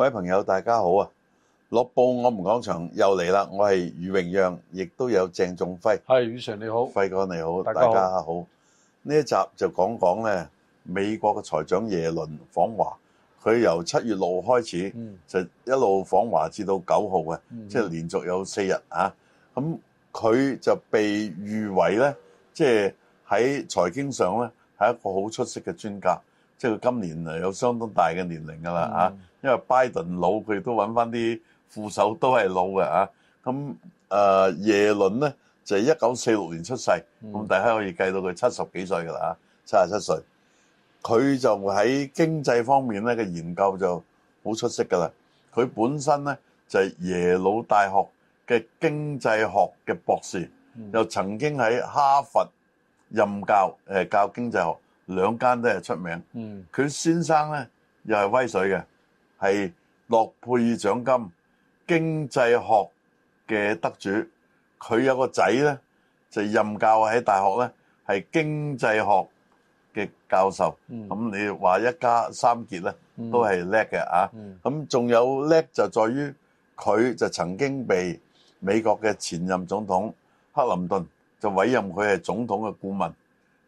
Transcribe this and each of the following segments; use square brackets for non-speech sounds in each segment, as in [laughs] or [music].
各位朋友，大家好啊！樂報我唔講場又嚟啦。我係余榮讓，亦都有鄭仲輝。係余 Sir 你好，輝哥你好，大家好。呢一集就講講咧，美國嘅財長耶倫訪華，佢由七月六號開始、嗯、就一路訪華，至到九號啊，即、嗯、係、就是、連續有四日啊。咁佢就被譽為咧，即係喺財經上咧係一個好出色嘅專家。即係佢今年嚟，有相當大嘅年齡噶啦啊。嗯因為拜登老，佢都揾返啲副手都係老嘅啊。咁誒耶倫咧就係一九四六年出世，咁大家可以計到佢七十幾歲㗎啦。啊，七十七歲，佢就喺經濟方面咧嘅研究就好出色㗎啦。佢本身咧就係耶魯大學嘅經濟學嘅博士，又曾經喺哈佛任教誒教經濟學，兩間都係出名。嗯。佢先生咧又係威水嘅。係諾貝爾獎金經濟學嘅得主，佢有個仔咧就任教喺大學咧，係經濟學嘅教授。咁、嗯、你話一家三傑咧，都係叻嘅啊！咁、嗯、仲、嗯、有叻就在於佢就曾經被美國嘅前任總統克林頓就委任佢係總統嘅顧問。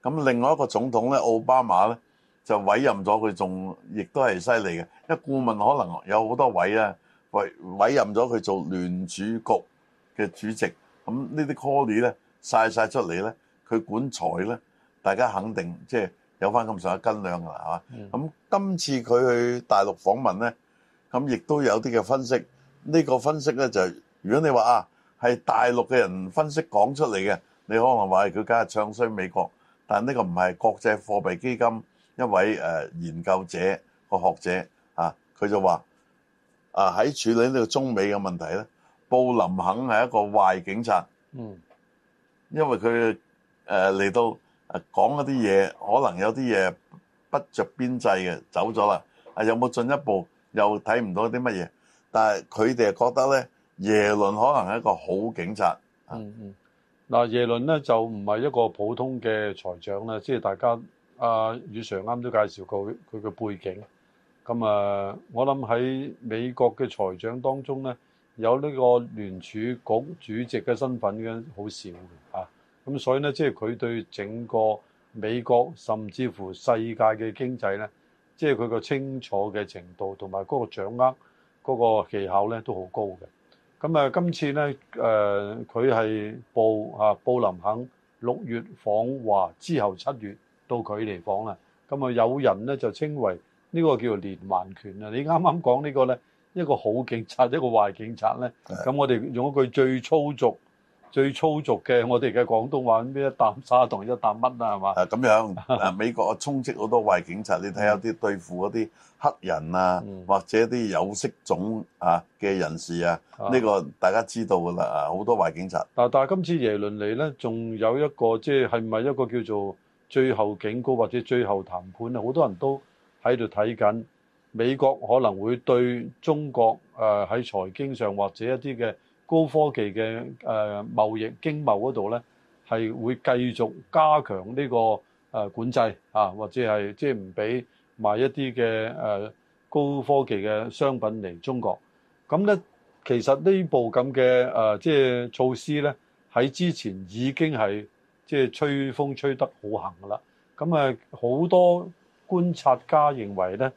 咁另外一個總統咧奧巴馬咧。就委任咗佢，仲亦都係犀利嘅。一顧顧問可能有好多位咧，委委任咗佢做聯儲局嘅主席。咁呢啲 call 咧晒晒出嚟咧，佢管財咧，大家肯定即係有翻咁上下斤兩㗎啦，咁今次佢去大陸訪問咧，咁亦都有啲嘅分析。呢、呢個分析咧就係、如果你話啊係大陸嘅人分析講出嚟嘅，你可能話係佢梗係唱衰美國，但呢個唔係國際貨幣基金。一位誒研究者個學者啊，佢就話：啊喺處理呢個中美嘅問題咧，布林肯係一個壞警察。嗯，因為佢誒嚟到講一啲嘢，可能有啲嘢不着邊際嘅走咗啦。啊，有冇進一步又睇唔到啲乜嘢？但係佢哋覺得咧，耶倫可能係一個好警察。嗯嗯，嗱，耶倫咧就唔係一個普通嘅財長啦，即係大家。啊、呃，余 Sir 啱都介紹過佢嘅背景。咁啊，我諗喺美國嘅財長當中呢，有呢個聯儲局主席嘅身份嘅好少啊。咁所以呢，即係佢對整個美國甚至乎世界嘅經濟呢，即係佢個清楚嘅程度同埋嗰個掌握嗰、那個技巧呢，都好高嘅。咁啊，今次呢，誒、呃，佢係布啊布林肯六月訪華之後七月。到佢嚟講啦，咁啊有人咧就稱為呢個叫做連環拳啊。你啱啱講呢個咧，一個好警察，一個壞警察咧。咁我哋用一句最粗俗、最粗俗嘅我哋嘅廣東話，咩一擔沙同一擔乜啊？係嘛啊咁樣啊？美國充斥好多壞警察， [laughs] 你睇下啲對付嗰啲黑人啊，或者啲有色種啊嘅人士啊，呢、 [laughs] 啊呢個大家知道㗎啦啊，好多壞警察。嗱、啊，但係今次耶倫嚟咧，仲有一個即係係咪一個叫做？最後警告或者最後談判咧，好多人都喺度睇緊美國可能會對中國誒喺財經上或者一啲嘅高科技嘅誒貿易經貿嗰度呢，係會繼續加強呢個誒管制啊，或者係即係唔俾賣一啲嘅誒高科技嘅商品嚟中國。咁呢，其實呢步咁嘅誒即係措施呢，喺之前已經係。即係吹風吹得好行噶啦，咁啊好多觀察家認為咧，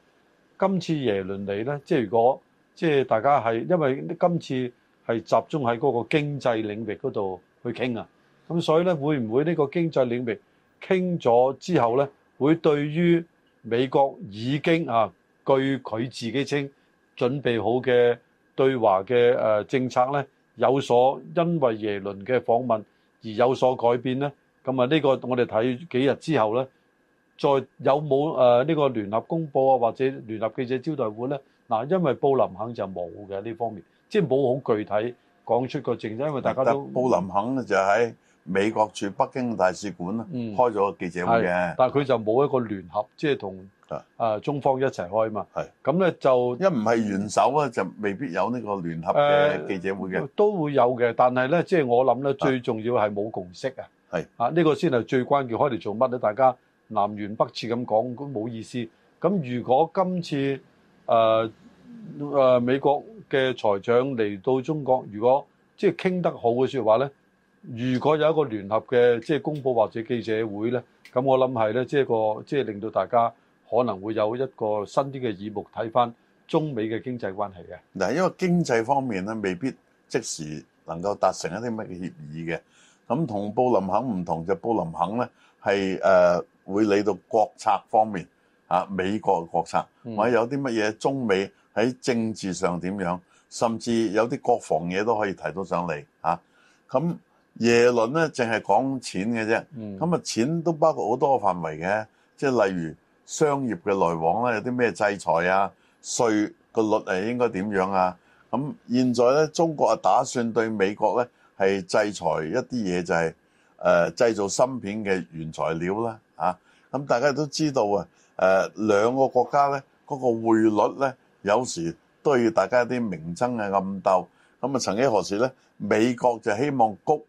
今次耶倫嚟咧，即係如果即係大家係因為今次係集中喺嗰個經濟領域嗰度去傾啊，咁所以咧，會唔會呢個經濟領域傾咗之後咧，會對於美國已經啊據佢自己稱準備好嘅對華嘅誒政策咧有所，因為耶倫嘅訪問而有所改變咧？咁啊，呢個我哋睇幾日之後咧，再有冇誒呢個聯合公佈啊，或者聯合記者招待會咧？嗱，因為布林肯就冇嘅呢方面，即係冇好具體講出個證。因為大家都布林肯咧就喺美國駐北京大使館、嗯、開咗記者會嘅，但係佢就冇一個聯合，即係同啊中方一齊開啊嘛。咁咧就一唔係元首啊，就未必有呢個聯合嘅記者會嘅、呃。都會有嘅，但係咧，即、就、係、是、我諗咧，最重要係冇共識啊。係啊，呢個先係最關鍵。開嚟做乜咧？大家南轅北轍咁講，咁冇意思。咁如果今次誒誒美國嘅財長嚟到中國，如果即係傾得好嘅説話咧，如果有一個聯合嘅即係公佈或者記者會咧，咁我諗係咧，即係個即係令到大家可能會有一個新啲嘅耳目睇翻中美嘅經濟關係嘅。嗱，因為經濟方面咧，未必即時能夠達成一啲乜嘅協議嘅。咁同布林肯唔同就是、布林肯咧係誒會理到國策方面啊，美國嘅國策、嗯，或者有啲乜嘢中美喺政治上點樣，甚至有啲國防嘢都可以提到上嚟咁、啊啊、耶倫咧淨係講錢嘅啫，咁、嗯、啊錢都包括好多個範圍嘅，即、就、係、是、例如商業嘅來往啦，有啲咩制裁啊，稅個率誒應該點樣啊？咁、啊、現在咧中國啊打算對美國咧。係制裁一啲嘢，就係、是、誒、呃、製造芯片嘅原材料啦，啊！咁、嗯、大家都知道啊，誒、呃、兩個國家咧嗰、那個匯率咧，有時都要大家啲明爭嘅暗鬥。咁、嗯、啊，曾幾何時咧，美國就希望谷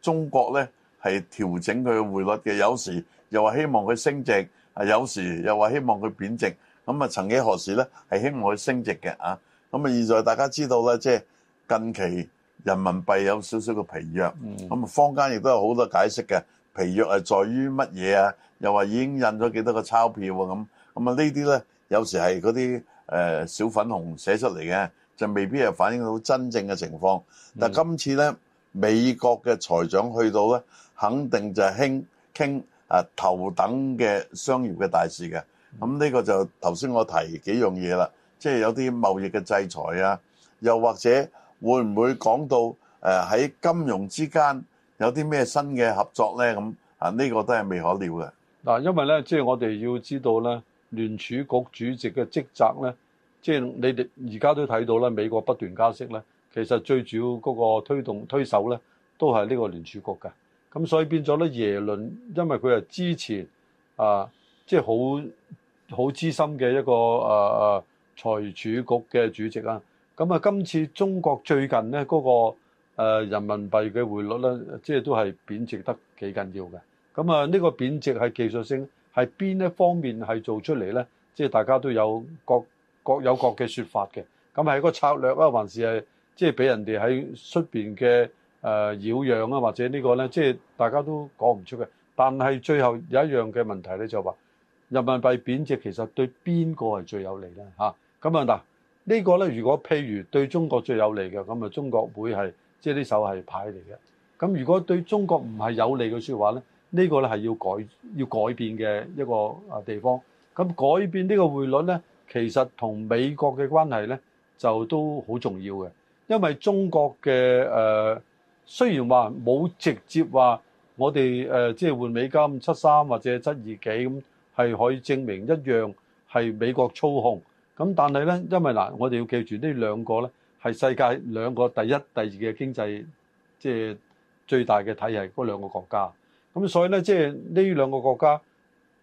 中國咧係調整佢嘅匯率嘅，有時又話希望佢升值，啊有時又話希望佢貶值。咁、嗯、啊、嗯，曾幾何時咧係希望佢升值嘅啊？咁、嗯、啊，現在大家知道呢，即係近期。人民幣有少少嘅疲弱，咁、嗯、啊，坊間亦都有好多解釋嘅疲弱係在於乜嘢啊？又話已經印咗幾多個鈔票喎？咁咁啊，呢啲咧有時係嗰啲誒小粉紅寫出嚟嘅，就未必係反映到真正嘅情況。但今次咧，美國嘅財長去到咧，肯定就係傾傾啊頭等嘅商業嘅大事嘅。咁、嗯、呢個就頭先我提幾樣嘢啦，即係有啲貿易嘅制裁啊，又或者。會唔會講到誒喺金融之間有啲咩新嘅合作呢？咁啊呢個都係未可料嘅。嗱，因為呢，即係我哋要知道呢，聯儲局主席嘅職責呢，即係你哋而家都睇到呢，美國不斷加息呢，其實最主要嗰個推動推手呢，都係呢個聯儲局嘅。咁所以變咗呢，耶倫因為佢係之前啊，即係好好資深嘅一個誒誒財署局嘅主席啊。咁啊，今次中國最近咧嗰個誒人民幣嘅匯率咧，即係都係貶值得幾緊要嘅。咁啊，呢個貶值係技術性，係邊一方面係做出嚟咧？即係大家都有各各有各嘅說法嘅。咁係個策略啊，還是係即係俾人哋喺出面嘅誒呃擾攘啊？或者呢個咧，即係大家都講唔出嘅。但係最後有一樣嘅問題咧，就係話人民幣貶值其實對邊個係最有利咧？嚇，咁啊嗱。呢、這個呢，如果譬如對中國最有利嘅，咁啊中國會係即係呢手係牌嚟嘅。咁如果對中國唔係有利嘅說話呢，呢、這個呢係要改要改變嘅一個啊地方。咁改變呢個匯率呢，其實同美國嘅關係呢就都好重要嘅，因為中國嘅誒、呃、雖然話冇直接話我哋誒、呃、即係換美金七三或者七二幾咁係可以證明一樣係美國操控。咁但係呢，因為嗱，我哋要記住呢兩個呢，係世界兩個第一、第二嘅經濟，即係最大嘅體系嗰兩個國家。咁所以呢，即係呢兩個國家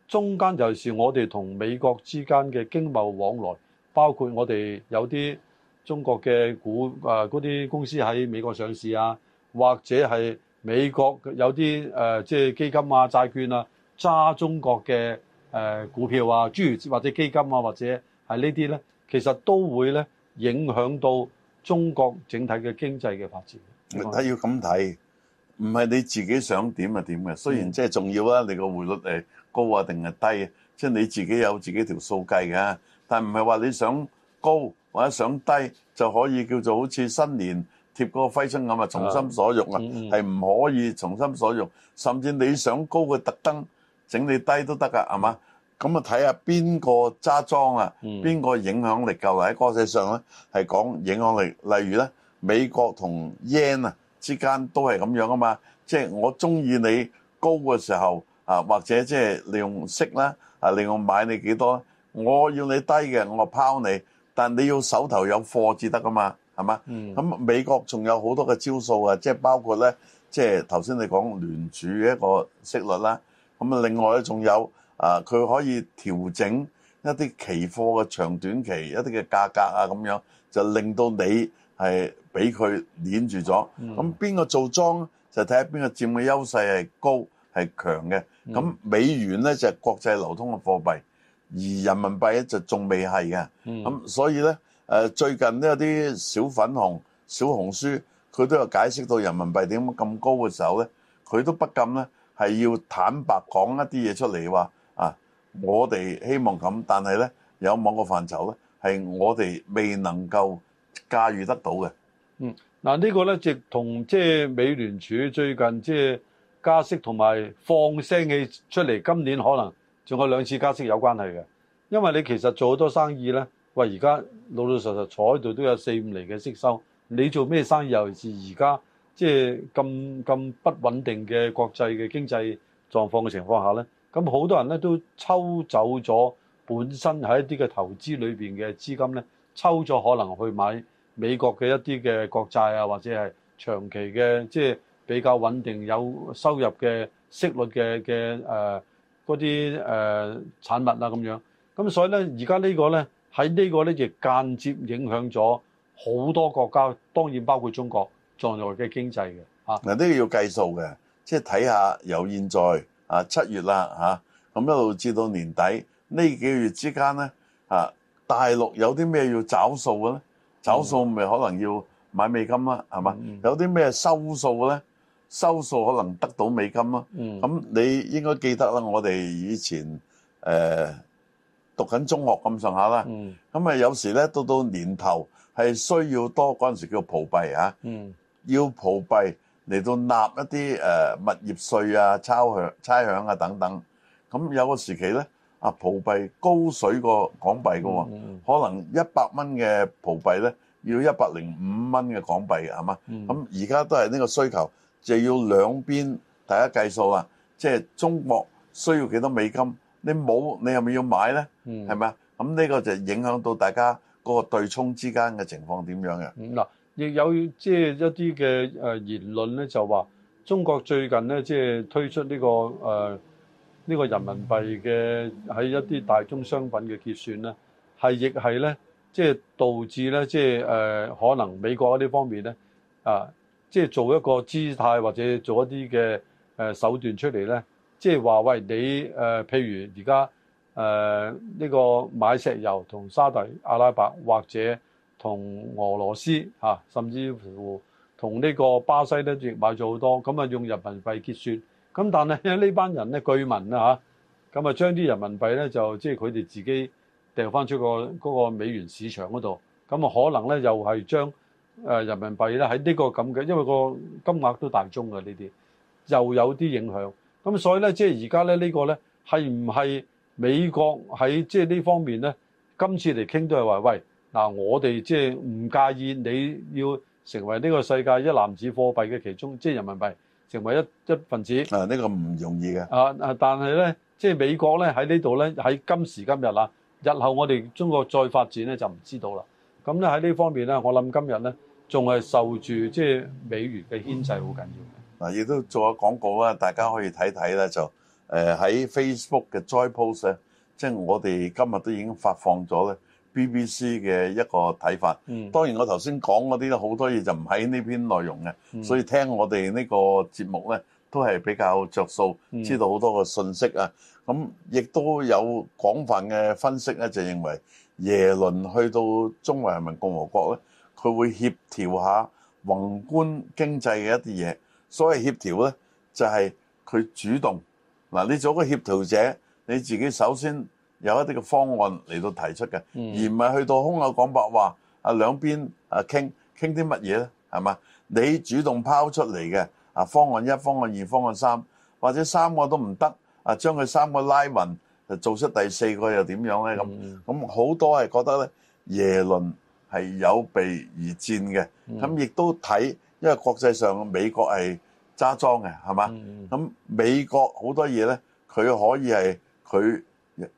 中間，就是我哋同美國之間嘅經貿往來，包括我哋有啲中國嘅股嗰啲公司喺美國上市啊，或者係美國有啲即係基金啊、債券啊揸中國嘅股票啊，諸如或者基金啊，或者。係呢啲咧，其實都會咧影響到中國整體嘅經濟嘅發展。睇要咁睇，唔係你自己想點就點嘅。雖然即係重要啦，你個匯率誒高啊定係低，即係你自己有自己條數計㗎。但係唔係話你想高或者想低就可以叫做好似新年貼嗰個揮春咁啊，從心所欲啊，係唔可以從心所欲。甚至你想高佢特登整你低都得㗎，係嘛？咁啊，睇下邊個揸莊啊？邊個影響力夠喺國際上咧？係講影響力，例如咧美國同 yen 啊之間都係咁樣啊嘛。即係我中意你高嘅時候啊，或者即係利用息啦啊，利用買你幾多，我要你低嘅，我拋你。但係你要手頭有貨至得噶嘛，係嘛？嗯。咁美國仲有好多嘅招數啊，即係包括咧，即係頭先你講聯儲嘅一個息率啦。咁啊，另外咧仲有。啊！佢可以調整一啲期貨嘅長短期一啲嘅價格啊，咁樣就令到你係俾佢捏住咗。咁邊個做莊就睇下邊個佔嘅優勢係高係強嘅。咁、mm. 美元咧就係、是、國際流通嘅貨幣，而人民幣呢就仲未係嘅。咁、mm. 啊、所以咧誒、啊，最近都有啲小粉紅、小紅書，佢都有解釋到人民幣點咁高嘅時候咧，佢都不禁咧係要坦白講一啲嘢出嚟話。我哋希望咁，但係呢，有某個範疇呢，係我哋未能夠駕馭得到嘅。嗯，嗱、這、呢個呢，即係同即係美聯儲最近即係加息同埋放聲氣出嚟，今年可能仲有兩次加息有關係嘅。因為你其實做好多生意呢，喂而家老老實實坐喺度都有四五厘嘅息收。你做咩生意，尤其是而家即係咁咁不穩定嘅國際嘅經濟狀況嘅情況下呢。咁好多人咧都抽走咗本身喺一啲嘅投資裏邊嘅資金咧，抽咗可能去買美國嘅一啲嘅國債啊，或者係長期嘅即係比較穩定有收入嘅息率嘅嘅誒嗰啲誒產品啊咁樣。咁所以咧而家呢個咧喺呢個咧亦間接影響咗好多國家，當然包括中國在內嘅經濟嘅啊。嗱呢個要計數嘅，即係睇下有現在。啊七月啦嚇，咁一路至到年底呢幾個月之間咧，啊大陸有啲咩要找數嘅咧？找數咪可能要買美金啦，係、嗯、嘛？有啲咩收數嘅咧？收數可能得到美金啦。咁、嗯、你應該記得啦，我哋以前誒、呃、讀緊中學咁上下啦。咁、嗯、啊有時咧到到年頭係需要多嗰陣時叫做鋪幣嚇，要鋪幣。嚟到納一啲誒物業稅啊、抄響、差響啊等等，咁有個時期咧啊，葡幣高水個港幣㗎喎、啊嗯嗯，可能一百蚊嘅葡幣咧要一百零五蚊嘅港幣，係嘛？咁而家都係呢個需求，就要兩邊大家計數啊，即係中國需要幾多美金？你冇，你係咪要買咧？係咪啊？咁呢個就影響到大家嗰個對沖之間嘅情況點樣嘅？嗱、嗯。嗯亦有即係一啲嘅誒言論咧，就話中國最近咧即係推出呢個誒呢個人民幣嘅喺一啲大宗商品嘅結算咧，係亦係咧即係導致咧即係誒可能美國嗰啲方面咧啊，即係做一個姿態或者做一啲嘅誒手段出嚟咧，即係話喂，你誒，譬如而家誒呢個買石油同沙特阿拉伯或者。同俄羅斯嚇，甚至乎同呢個巴西咧，亦買咗好多。咁啊，用人民幣結算。咁但係呢班人咧，據聞啊嚇，咁啊將啲人民幣咧，就即係佢哋自己掟翻出個嗰個美元市場嗰度。咁啊，可能咧又係將誒人民幣咧喺呢個咁嘅，因為個金額都大宗嘅呢啲，又有啲影響。咁所以咧，即係而家咧呢個咧係唔係美國喺即係呢方面咧，今次嚟傾都係話喂？嗱、啊，我哋即係唔介意你要成為呢個世界一籃子貨幣嘅其中，即、就、係、是、人民幣成為一一份子。啊，呢、這個唔容易嘅。啊啊，但係咧，即、就、係、是、美國咧喺呢度咧，喺今時今日啦，日後我哋中國再發展咧就唔知道啦。咁咧喺呢方面咧，我諗今日咧仲係受住即係美元嘅牽制，好緊要嗱，亦都做下廣告啦，大家可以睇睇啦，就誒喺、呃、Facebook 嘅 Joy Post 咧、啊，即、就、係、是、我哋今日都已經發放咗咧。BBC 嘅一個睇法，嗯，當然我頭先講嗰啲好多嘢就唔喺呢篇內容嘅，所以聽我哋呢個節目咧都係比較著數，知道好多個信息啊。咁亦都有廣泛嘅分析咧，就認為耶倫去到中華人民共和國咧，佢會協調下宏觀經濟嘅一啲嘢。所謂協調咧，就係佢主動嗱，你做個協調者，你自己首先，有一啲嘅方案嚟到提出嘅、嗯，而唔係去到空口講白話。兩邊啊兩邊啊傾傾啲乜嘢咧？係嘛？你主動拋出嚟嘅啊方案一、方案二、方案三，或者三個都唔得，啊將佢三個拉勻，就做出第四個又點樣咧？咁咁好多係覺得咧，耶倫係有備而戰嘅。咁、嗯、亦都睇，因為國際上美國係揸莊嘅，係嘛？咁、嗯、美國好多嘢咧，佢可以係佢。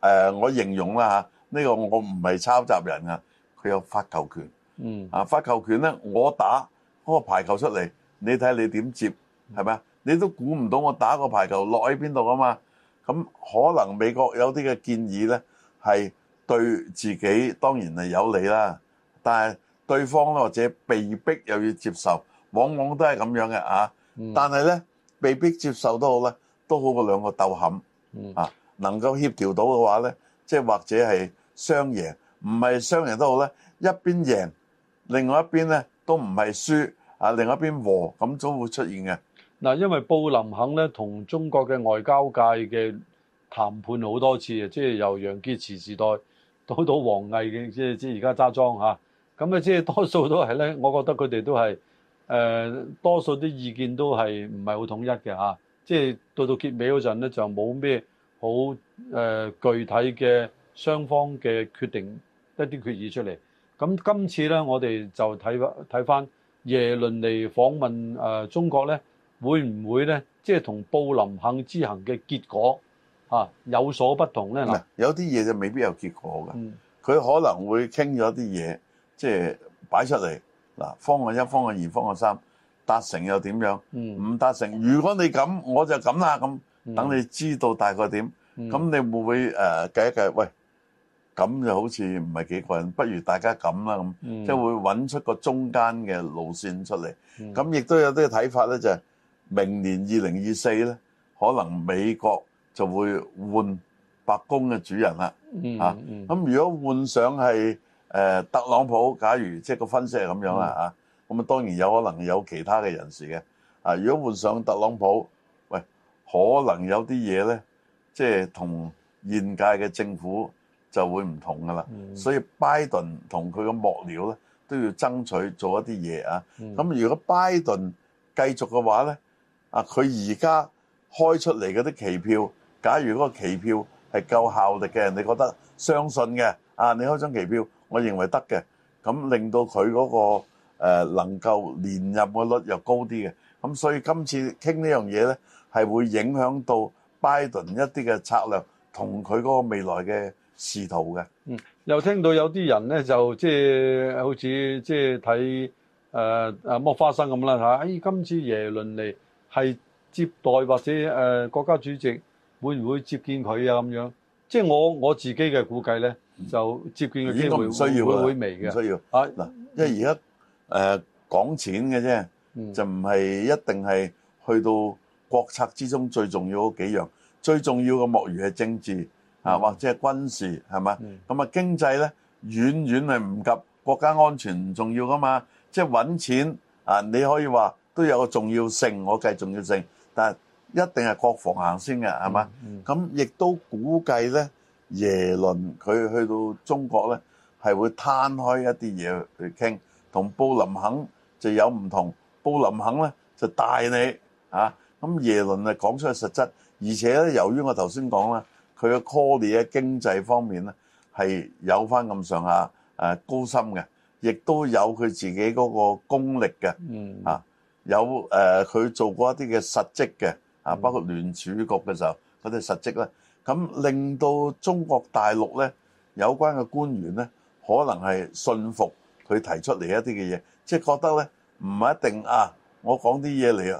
誒，我形容啦嚇，呢個我唔係抄襲人噶，佢有發球權。嗯，啊發球權咧，我打嗰個排球出嚟，你睇你點接，係咪啊？你都估唔到我打個排球落喺邊度啊嘛。咁可能美國有啲嘅建議咧，係對自己當然係有利啦。但係對方呢或者被逼又要接受，往往都係咁樣嘅啊。嗯、但係咧，被逼接受都好咧，都好過兩個鬥冚啊。嗯能夠協調到嘅話咧，即係或者係雙贏，唔係雙贏都好咧。一邊贏，另外一邊咧都唔係輸啊，另一邊和咁總會出現嘅。嗱，因為布林肯咧同中國嘅外交界嘅談判好多次嘅，即係由楊潔篪時代到到王毅嘅，即係即係而家揸莊嚇。咁啊，即係多數都係咧，我覺得佢哋都係誒多數啲意見都係唔係好統一嘅嚇。即係到到結尾嗰陣咧，就冇咩。好誒，具體嘅雙方嘅決定一啲決議出嚟。咁今次咧，我哋就睇翻睇翻耶倫嚟訪問誒、呃、中國咧，會唔會咧，即係同布林肯之行嘅結果啊有所不同咧？嗱，有啲嘢就未必有結果嘅。佢、嗯、可能會傾咗啲嘢，即、就、係、是、擺出嚟嗱，方案一、方案二、方案三，達成又點樣？唔達成、嗯，如果你咁，我就咁啦咁。等、嗯、你知道大概點，咁、嗯、你會唔會誒、呃、計一計？喂，咁就好似唔係幾個人，不如大家咁啦咁，即係、嗯、會揾出個中間嘅路線出嚟。咁、嗯、亦都有啲睇法咧，就係、是、明年二零二四咧，可能美國就會換白宮嘅主人啦。嚇、嗯，咁、嗯啊、如果換上係、呃、特朗普，假如即係個分析係咁樣啦、嗯，啊，咁啊當然有可能有其他嘅人士嘅。啊，如果換上特朗普。可能有啲嘢咧，即係同現屆嘅政府就會唔同㗎啦、嗯。所以拜登同佢嘅幕僚咧都要爭取做一啲嘢啊。咁、嗯、如果拜登繼續嘅話咧，啊佢而家開出嚟嗰啲期票，假如嗰個期票係夠效力嘅，你覺得相信嘅啊，你開張期票，我認為得嘅，咁令到佢嗰個、呃、能夠連任嘅率又高啲嘅。咁所以今次傾呢樣嘢咧。係會影響到拜登一啲嘅策略同佢嗰個未來嘅仕途嘅。嗯，又聽到有啲人咧就即係好似即係睇誒誒剝花生咁啦嚇。咦，今次耶倫嚟係接待或者誒國家主席會唔會接見佢啊？咁樣即係我我自己嘅估計咧，就接見嘅機會會會微嘅。唔需要啊嗱，因為而家誒講錢嘅啫，就唔係一定係去到。國策之中最重要嗰幾樣，最重要嘅莫如係政治啊，或者係軍事，係嘛？咁啊，經濟咧遠遠係唔及國家安全重要噶嘛。即係揾錢啊，你可以話都有個重要性，我計重要性，但係一定係國防行先嘅，係嘛？咁亦都估計咧，耶倫佢去到中國咧係會攤開一啲嘢去傾，同布林肯就有唔同。布林肯咧就帶你啊。咁耶倫啊講出嘅實質，而且咧，由於我頭先講啦，佢嘅 policy 經濟方面咧係有翻咁上下，誒高深嘅，亦都有佢自己嗰個功力嘅，啊、嗯、有誒佢做過一啲嘅實績嘅，啊包括聯儲局嘅時候嗰啲實績咧，咁令到中國大陸咧有關嘅官員咧，可能係信服佢提出嚟一啲嘅嘢，即、就、係、是、覺得咧唔係一定啊，我講啲嘢嚟。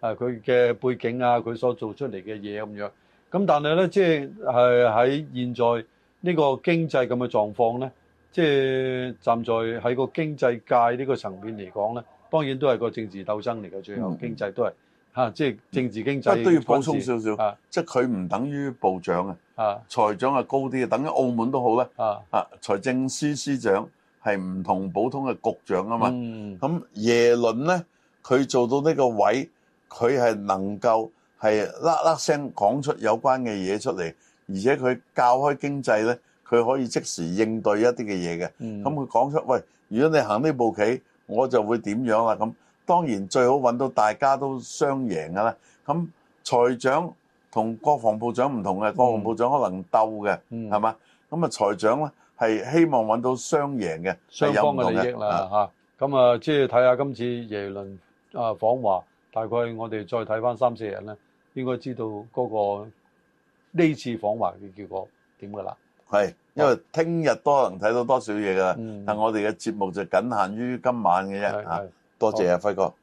誒佢嘅背景啊，佢所做出嚟嘅嘢咁樣，咁但係咧，即係喺現在呢個經濟咁嘅狀況咧，即係站在喺個經濟界呢個層面嚟講咧，當然都係個政治鬥爭嚟嘅，最後經濟都係嚇，即係政治經濟都要補充少少，即係佢唔等於部長啊，財長啊高啲，等於澳門都好咧啊，財政司司長係唔同普通嘅局長啊嘛，咁耶倫咧佢做到呢個位。佢係能夠係嗱嗱聲講出有關嘅嘢出嚟，而且佢教開經濟咧，佢可以即時應對一啲嘅嘢嘅。咁佢講出喂，如果你行呢步棋，我就會點樣啦。咁當然最好揾到大家都雙贏㗎啦。咁財長同國防部長唔同嘅，國防部長可能鬥嘅，係嘛？咁啊，財長咧係希望揾到雙贏嘅雙方嘅利益啦嚇。咁啊，即係睇下今次耶倫啊訪華。大概我哋再睇翻三四日咧，應該知道嗰個呢次訪華嘅結果點㗎啦。係，因為聽日都能睇到多少嘢㗎。嗯、但我哋嘅節目就僅限於今晚嘅啫。係，多謝阿輝哥。